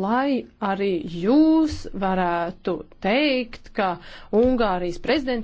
lai arī jūs varētu teikt, ka Ungārijas prezidentūra